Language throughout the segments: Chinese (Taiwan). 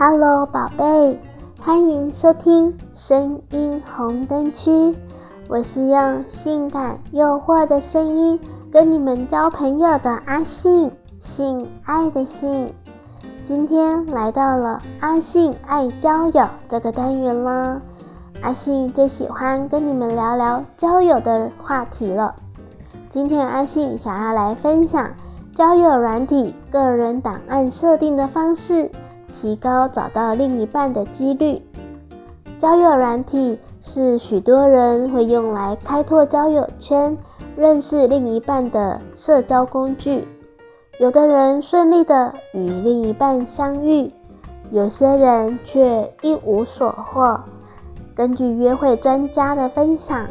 Hello，寶貝，歡迎收聽聲音紅燈區。我是用性感誘惑的聲音跟你們交朋友的阿性，性愛的性。今天來到了阿性愛交友這個單元了。阿性最喜歡跟你們聊聊交友的話題了。今天阿性想要來分享交友軟體個人檔案設定的方式。提高找到另一半的機率，交友軟體是許多人會用來開拓交友圈、認識另一半的社交工具。有的人順利地與另一半相遇，有些人卻一無所獲。根據約會專家的分享，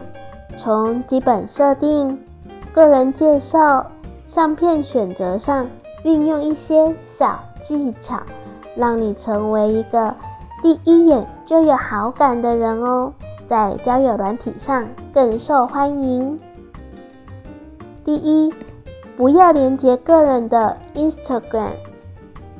從基本設定、個人介紹、相片選擇上運用一些小技巧。讓你成為一個第一眼就有好感的人哦，在交友軟體上更受歡迎。第一，不要連接個人的 Instagram，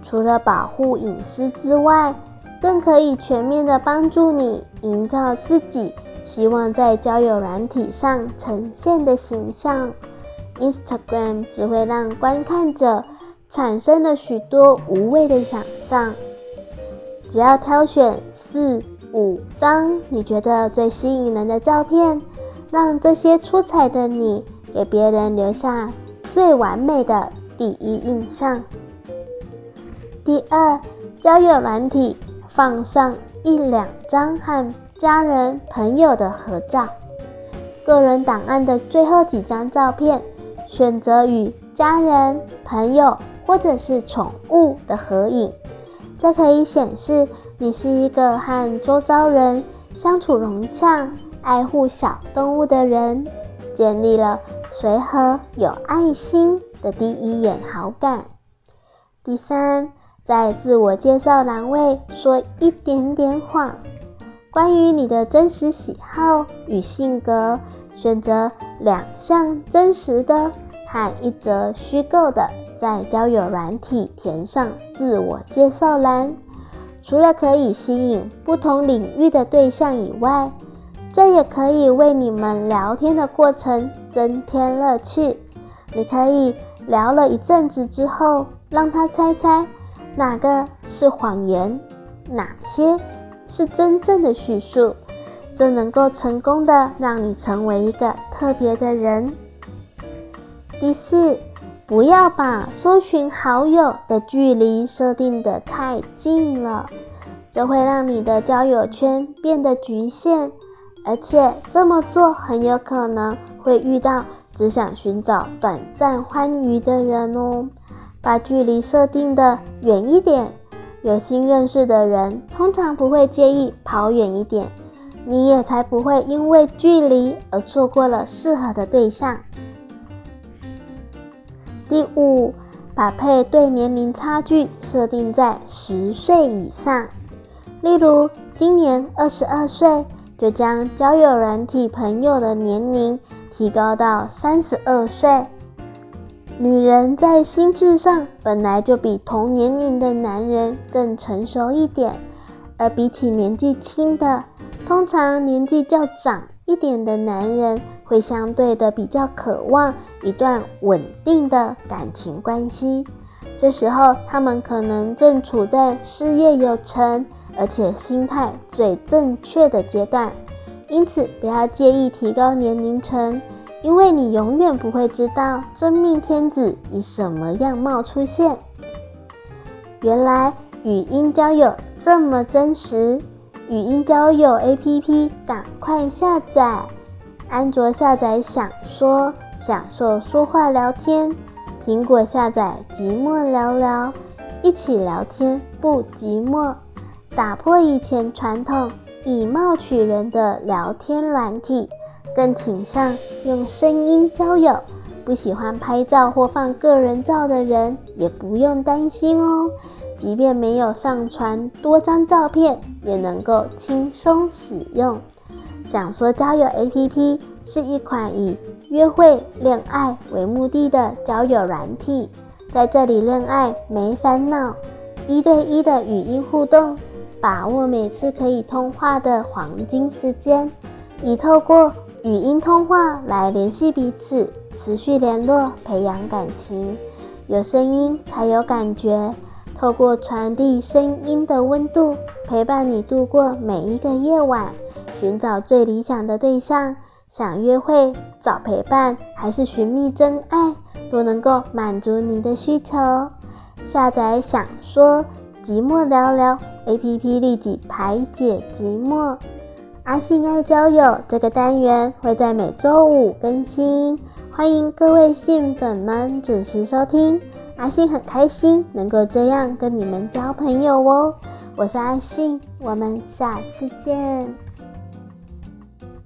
除了保護隱私之外，更可以全面的幫助你營造自己希望在交友軟體上呈現的形象。Instagram 只會讓觀看者，產生了許多無謂的想象。只要挑選四五張你覺得最吸引人的照片，讓這些出彩的你給別人留下最完美的第一印象。第二，交友軟體，放上一兩張和家人朋友的合照，個人檔案的最後幾張照片，選擇與家人朋友。或者是寵物的合影，這可以顯示你是一個和周遭人相處融洽、愛護小動物的人，建立了隨和有愛心的第一眼好感。第三，在自我介紹欄位說一點點謊，關於你的真實喜好與性格，選擇兩項真實的和一則虛構的。在交友軟體填上自我介紹欄，除了可以吸引不同領域的對象以外，這也可以為你們聊天的過程增添樂趣。你可以聊了一陣子之後，讓他猜猜哪個是謊言，哪些是真正的敘述，就能夠成功的讓你成為一個特別的人。第四。不要把搜尋好友的距離設定得太近了，這會讓你的交友圈變得局限，而且這麼做很有可能會遇到只想尋找短暫歡愉的人哦。把距離設定得遠一點，有新認識的人通常不會介意跑遠一點，你也才不會因為距離而錯過了適合的對象。第五，把配對年齡差距設定在十歲以上。例如，今年二十二歲，就將交友軟體朋友的年齡提高到三十二歲。女人在心智上本來就比同年齡的男人更成熟一點，而比起年紀輕的，通常年紀較長一點的男人。會相對的比較渴望一段穩定的感情關係，這時候他們可能正處在事業有成，而且心態最正確的階段，因此不要介意提高年齡層，因為你永遠不會知道真命天子以什麼樣貌出現。原來語音交友這麼真實，語音交友 APP 趕快下載。安卓下載享說，享受說話聊天；蘋果下載寂寞聊聊，一起聊天不寂寞。打破以前傳統以貌取人的聊天軟體，更傾向用聲音交友。不喜歡拍照或放個人照的人也不用擔心哦，即便沒有上傳多張照片，也能夠輕鬆使用。享說交友 APP 是一款以約會、戀愛為目的的交友軟體，在這裡戀愛沒煩惱，一對一的語音互動，把握每次可以通話的黃金時間，以透過語音通話來聯繫彼此，持續聯絡，培養感情。有聲音才有感覺，透過傳遞聲音的溫度，陪伴你度過每一個夜晚。尋找最理想的對象，想約會找陪伴，還是尋覓真愛，都能夠滿足你的需求。下載“享說寂寞聊聊 ”APP，立即排解寂寞。阿性愛交友，這個單元會在每周五更新，歡迎各位性粉們準時收聽。阿性很開心能夠這樣跟你們交朋友哦，我是阿性，我們下次見。